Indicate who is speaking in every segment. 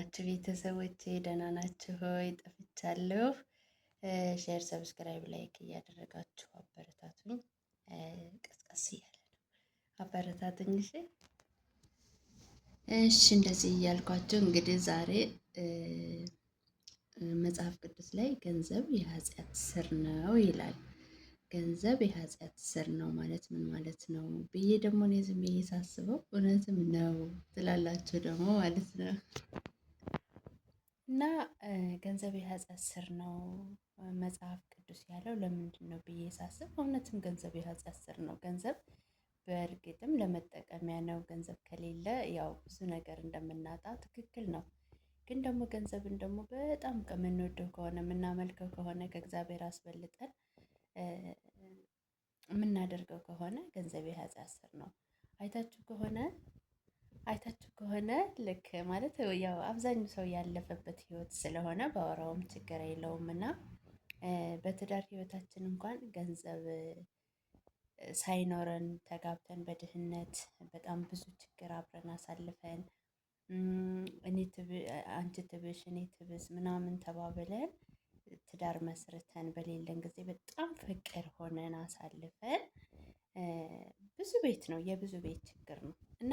Speaker 1: ናችሁ ቤተሰቦቼ? ደህና ናችሁ ሆይ? ጠፍቻለሁ። ሼር፣ ሰብስክራይብ፣ ላይክ እያደረጋችሁ አበረታቱኝ። ቀስቀስ እያለ ነው አበረታቱኝ። እሺ፣ እሺ። እንደዚህ እያልኳቸው እንግዲህ ዛሬ መጽሐፍ ቅዱስ ላይ ገንዘብ የኃጢአት ስር ነው ይላል። ገንዘብ የኃጢአት ስር ነው ማለት ምን ማለት ነው ብዬ ደግሞ እኔ ዝም ብዬ ሳስበው እውነትም ነው ትላላችሁ ደግሞ ማለት ነው። እና ገንዘብ የያዘ ሥር ነው መጽሐፍ ቅዱስ ያለው ለምንድን ነው ብዬ ሳስብ፣ እውነትም ገንዘብ የያዘ ሥር ነው። ገንዘብ በእርግጥም ለመጠቀሚያ ነው። ገንዘብ ከሌለ ያው ብዙ ነገር እንደምናጣ ትክክል ነው። ግን ደግሞ ገንዘብን ደግሞ በጣም ከምንወደው ከሆነ የምናመልከው ከሆነ ከእግዚአብሔር አስበልጠን የምናደርገው ከሆነ ገንዘብ የያዘ ሥር ነው። አይታችሁ ከሆነ አይታችሁ ከሆነ ልክ ማለት ያው አብዛኛው ሰው ያለፈበት ህይወት ስለሆነ በወራውም ችግር የለውም እና በትዳር ህይወታችን እንኳን ገንዘብ ሳይኖረን ተጋብተን በድህነት በጣም ብዙ ችግር አብረን አሳልፈን እኔ አንቺ ትብሽ እኔ ትብስ ምናምን ተባብለን ትዳር መስርተን በሌለን ጊዜ በጣም ፍቅር ሆነን አሳልፈን ብዙ ቤት ነው የብዙ ቤት ችግር ነው። እና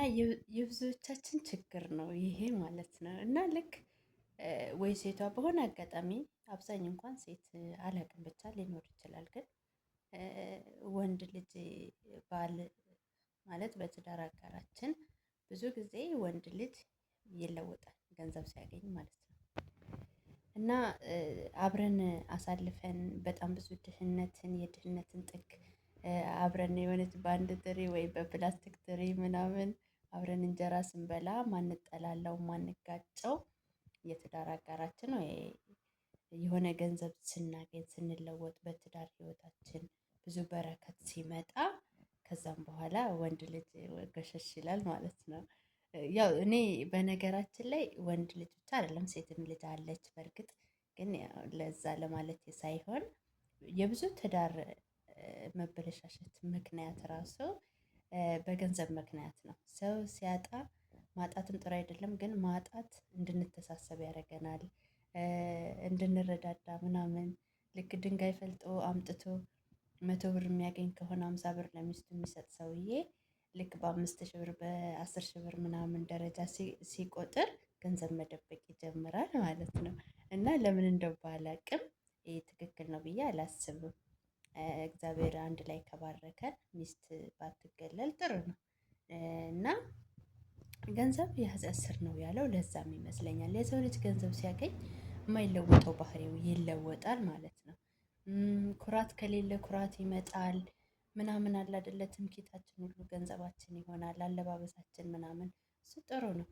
Speaker 1: የብዙዎቻችን ችግር ነው ይሄ ማለት ነው። እና ልክ ወይ ሴቷ በሆነ አጋጣሚ አብዛኝ እንኳን ሴት አላቅም ብቻ ሊኖር ይችላል። ግን ወንድ ልጅ ባል ማለት በትዳር አጋራችን ብዙ ጊዜ ወንድ ልጅ ይለወጣል ገንዘብ ሲያገኝ ማለት ነው። እና አብረን አሳልፈን በጣም ብዙ ድህነትን የድህነትን ጥግ አብረን የሆነች በአንድ ትሪ ወይ በፕላስቲክ ትሪ ምናምን አብረን እንጀራ ስንበላ ማንጠላለው ማንጋጨው የትዳር አጋራችን ወይ የሆነ ገንዘብ ስናገኝ ስንለወጥ በትዳር ህይወታችን ብዙ በረከት ሲመጣ ከዛም በኋላ ወንድ ልጅ ገሸሽ ይላል ማለት ነው። ያው እኔ በነገራችን ላይ ወንድ ልጅ ብቻ አይደለም ሴትም ልጅ አለች። በእርግጥ ግን ለዛ ለማለት ሳይሆን የብዙ ትዳር መበለሻሸት ምክንያት ራሱ በገንዘብ ምክንያት ነው። ሰው ሲያጣ ማጣትም ጥሩ አይደለም፣ ግን ማጣት እንድንተሳሰብ ያደርገናል፣ እንድንረዳዳ ምናምን። ልክ ድንጋይ ፈልጦ አምጥቶ መቶ ብር የሚያገኝ ከሆነ አምሳ ብር ለሚስቱ የሚሰጥ ሰውዬ ልክ በአምስት ሺህ ብር በአስር ሺህ ብር ምናምን ደረጃ ሲቆጥር ገንዘብ መደበቅ ይጀምራል ማለት ነው። እና ለምን እንደው ባላቅም ይህ ትክክል ነው ብዬ አላስብም። እግዚአብሔር አንድ ላይ ከባረከን ሚስት ባትገለል ጥሩ ነው እና ገንዘብ የኃጢአት ስር ነው ያለው ለዛም ይመስለኛል የሰው ልጅ ገንዘብ ሲያገኝ የማይለወጠው ባህሪው ይለወጣል ማለት ነው። ኩራት ከሌለ ኩራት ይመጣል ምናምን አለ አይደለ? ትምክህታችን ሁሉ ገንዘባችን ይሆናል፣ አለባበሳችን ምናምን እሱ ጥሩ ነው።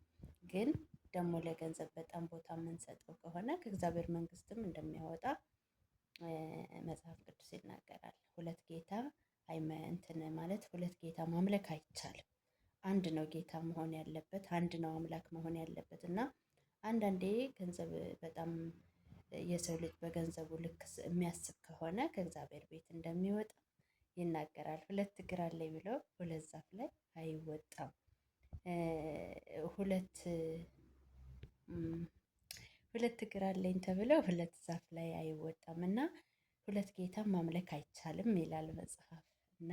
Speaker 1: ግን ደግሞ ለገንዘብ በጣም ቦታ የምንሰጠው ከሆነ ከእግዚአብሔር መንግስትም እንደሚያወጣ መጽሐፍ ቅዱስ ይናገራል። ሁለት ጌታ እንትን ማለት ሁለት ጌታ ማምለክ አይቻልም። አንድ ነው ጌታ መሆን ያለበት፣ አንድ ነው አምላክ መሆን ያለበት እና አንዳንዴ ገንዘብ በጣም የሰው ልጅ በገንዘቡ ልክ የሚያስብ ከሆነ ከእግዚአብሔር ቤት እንደሚወጣ ይናገራል። ሁለት እግር አለኝ ብሎ ሁለት ዛፍ ላይ አይወጣም። ሁለት ሁለት እግር አለኝ ተብለው ሁለት ዛፍ ላይ አይወጣም እና ሁለት ጌታ ማምለክ አይቻልም ይላል መጽሐፍ። እና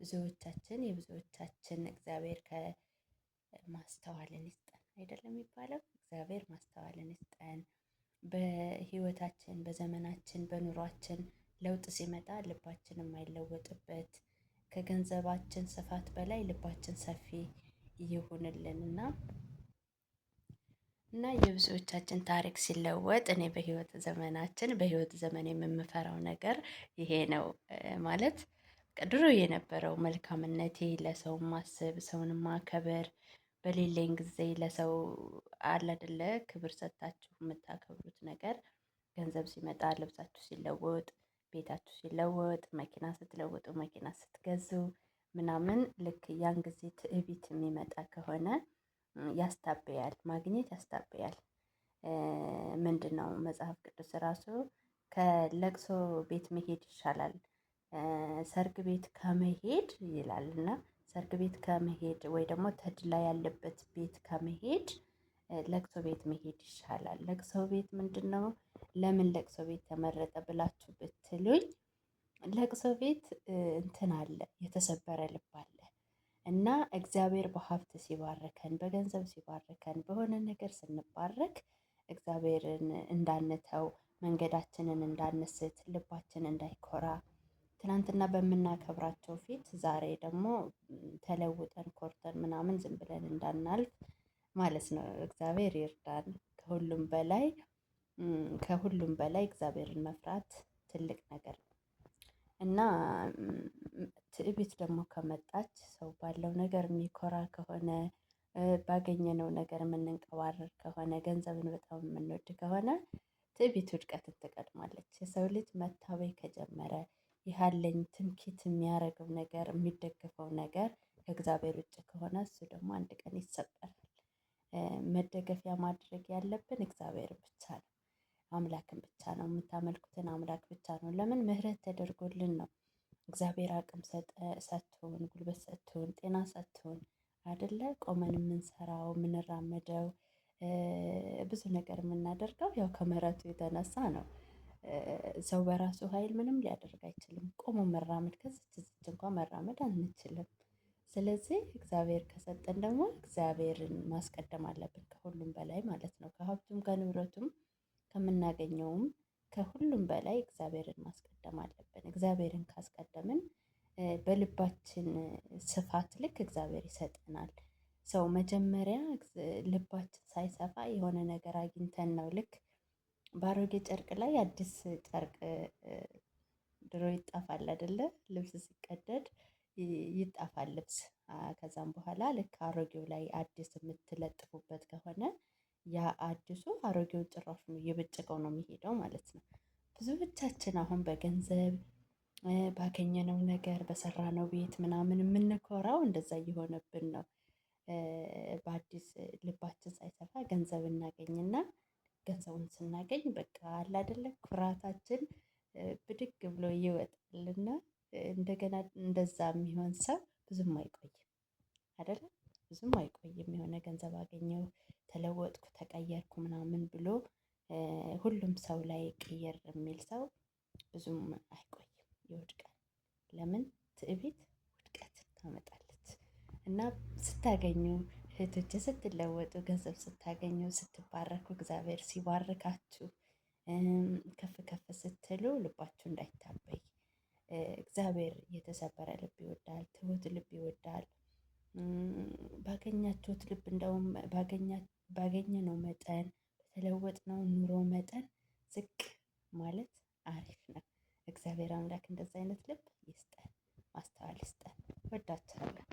Speaker 1: ብዙዎቻችን የብዙዎቻችን እግዚአብሔር ከማስተዋልን ይስጠን አይደለም የሚባለው። እግዚአብሔር ማስተዋልን ይስጠን። በህይወታችን፣ በዘመናችን፣ በኑሯችን ለውጥ ሲመጣ ልባችን የማይለወጥበት ከገንዘባችን ስፋት በላይ ልባችን ሰፊ ይሁንልን እና እና የብዙዎቻችን ታሪክ ሲለወጥ እኔ በህይወት ዘመናችን በህይወት ዘመን የምንፈራው ነገር ይሄ ነው። ማለት ድሮ የነበረው መልካምነቴ ለሰው ማስብ ሰውን ማከበር በሌለኝ ጊዜ ለሰው አለ ክብር ሰጥታችሁ የምታከብሩት ነገር ገንዘብ ሲመጣ ልብሳችሁ ሲለወጥ ቤታችሁ ሲለወጥ መኪና ስትለወጡ መኪና ስትገዙ ምናምን ልክ ያን ጊዜ ትዕቢት የሚመጣ ከሆነ ያስታብያል፣ ማግኘት ያስታብያል። ምንድን ነው መጽሐፍ ቅዱስ ራሱ ከለቅሶ ቤት መሄድ ይሻላል ሰርግ ቤት ከመሄድ ይላል እና ሰርግ ቤት ከመሄድ ወይ ደግሞ ተድላ ያለበት ቤት ከመሄድ ለቅሶ ቤት መሄድ ይሻላል። ለቅሶ ቤት ምንድን ነው? ለምን ለቅሶ ቤት ተመረጠ ብላችሁ ብትሉኝ፣ ለቅሶ ቤት እንትን አለ፣ የተሰበረ ልብ አለ። እና እግዚአብሔር በሀብት ሲባርከን፣ በገንዘብ ሲባርከን፣ በሆነ ነገር ስንባረክ እግዚአብሔርን እንዳንተው፣ መንገዳችንን እንዳንስት፣ ልባችን እንዳይኮራ ትናንትና በምናከብራቸው ፊት ዛሬ ደግሞ ተለውጠን ኮርተን ምናምን ዝም ብለን እንዳናልፍ ማለት ነው። እግዚአብሔር ይርዳን። ከሁሉም በላይ ከሁሉም በላይ እግዚአብሔርን መፍራት ትልቅ ነገር ነው እና ትዕቢት ደግሞ ከመጣች ሰው ባለው ነገር የሚኮራ ከሆነ ባገኘነው ነገር የምንንቀባረር ከሆነ ገንዘብን በጣም የምንወድ ከሆነ ትዕቢት ውድቀትን ትቀድማለች። የሰው ልጅ መታበይ ከጀመረ ይህለኝ ትምኪት የሚያደርገው ነገር የሚደገፈው ነገር ከእግዚአብሔር ውጭ ከሆነ እሱ ደግሞ አንድ ቀን ይሰበራል። መደገፊያ ማድረግ ያለብን እግዚአብሔር ብቻ ነው፣ አምላክን ብቻ ነው። የምታመልኩትን አምላክ ብቻ ነው። ለምን ምህረት ተደርጎልን ነው እግዚአብሔር አቅም ሰጥቶን ጉልበት ሰጥቶን ጤና ሰጥቶን አይደለ ቆመን የምንሰራው የምንራመደው ብዙ ነገር የምናደርገው ያው ከምህረቱ የተነሳ ነው። ሰው በራሱ ኃይል ምንም ሊያደርግ አይችልም። ቆሞ መራመድ ከዚች እዚች እንኳን መራመድ አንችልም። ስለዚህ እግዚአብሔር ከሰጠን ደግሞ እግዚአብሔርን ማስቀደም አለብን ከሁሉም በላይ ማለት ነው። ከሀብቱም ከንብረቱም ከምናገኘውም ከሁሉም በላይ እግዚአብሔርን ማስቀደም አለብን። እግዚአብሔርን ካስቀደምን በልባችን ስፋት ልክ እግዚአብሔር ይሰጠናል። ሰው መጀመሪያ ልባችን ሳይሰፋ የሆነ ነገር አግኝተን ነው። ልክ በአሮጌ ጨርቅ ላይ አዲስ ጨርቅ ድሮ ይጣፋል አይደለ? ልብስ ሲቀደድ ይጣፋል ልብስ። ከዛም በኋላ ልክ አሮጌው ላይ አዲስ የምትለጥፉበት ከሆነ ያ አዲሱ አሮጌው ጭራሽ እየበጨቀው ነው የሚሄደው ማለት ነው። ብዙዎቻችን አሁን በገንዘብ ባገኘነው ነገር በሰራነው ቤት ምናምን የምንኮራው እንደዛ እየሆነብን ነው። በአዲስ ልባችን ሳይሰፋ ገንዘብ እናገኝና ገንዘቡን ስናገኝ በቃ አለ አይደለ ኩራታችን ብድግ ብሎ ይወጣልና እንደገና እንደዛ የሚሆን ሰው ብዙም አይቆይም አይደለም። ብዙም አይቆይም። የሆነ ገንዘብ አገኘሁ፣ ተለወጥኩ፣ ተቀየርኩ ምናምን ብሎ ሁሉም ሰው ላይ ቅየር የሚል ሰው ብዙም አይቆይም፣ ይወድቃል። ለምን ትዕቢት ውድቀት ታመጣለች። እና ስታገኙ እህቶቼ ስትለወጡ፣ ገንዘብ ስታገኙ፣ ስትባረኩ፣ እግዚአብሔር ሲባርካችሁ ከፍ ከፍ ስትሉ ልባችሁ እንዳይታበይ። እግዚአብሔር የተሰበረ ልብ ይወዳል፣ ትሁት ልብ ይወዳል። ባገኛችሁት ልብ እንደውም ባገኘ ነው መጠን ነው ኑሮ መጠን ዝቅ ማለት አሪፍ ነው። እግዚአብሔር አምላክ እንደዚህ አይነት ልብ ይስጠን፣ ማስተዋል ይስጠን። ወዳችኋለሁ።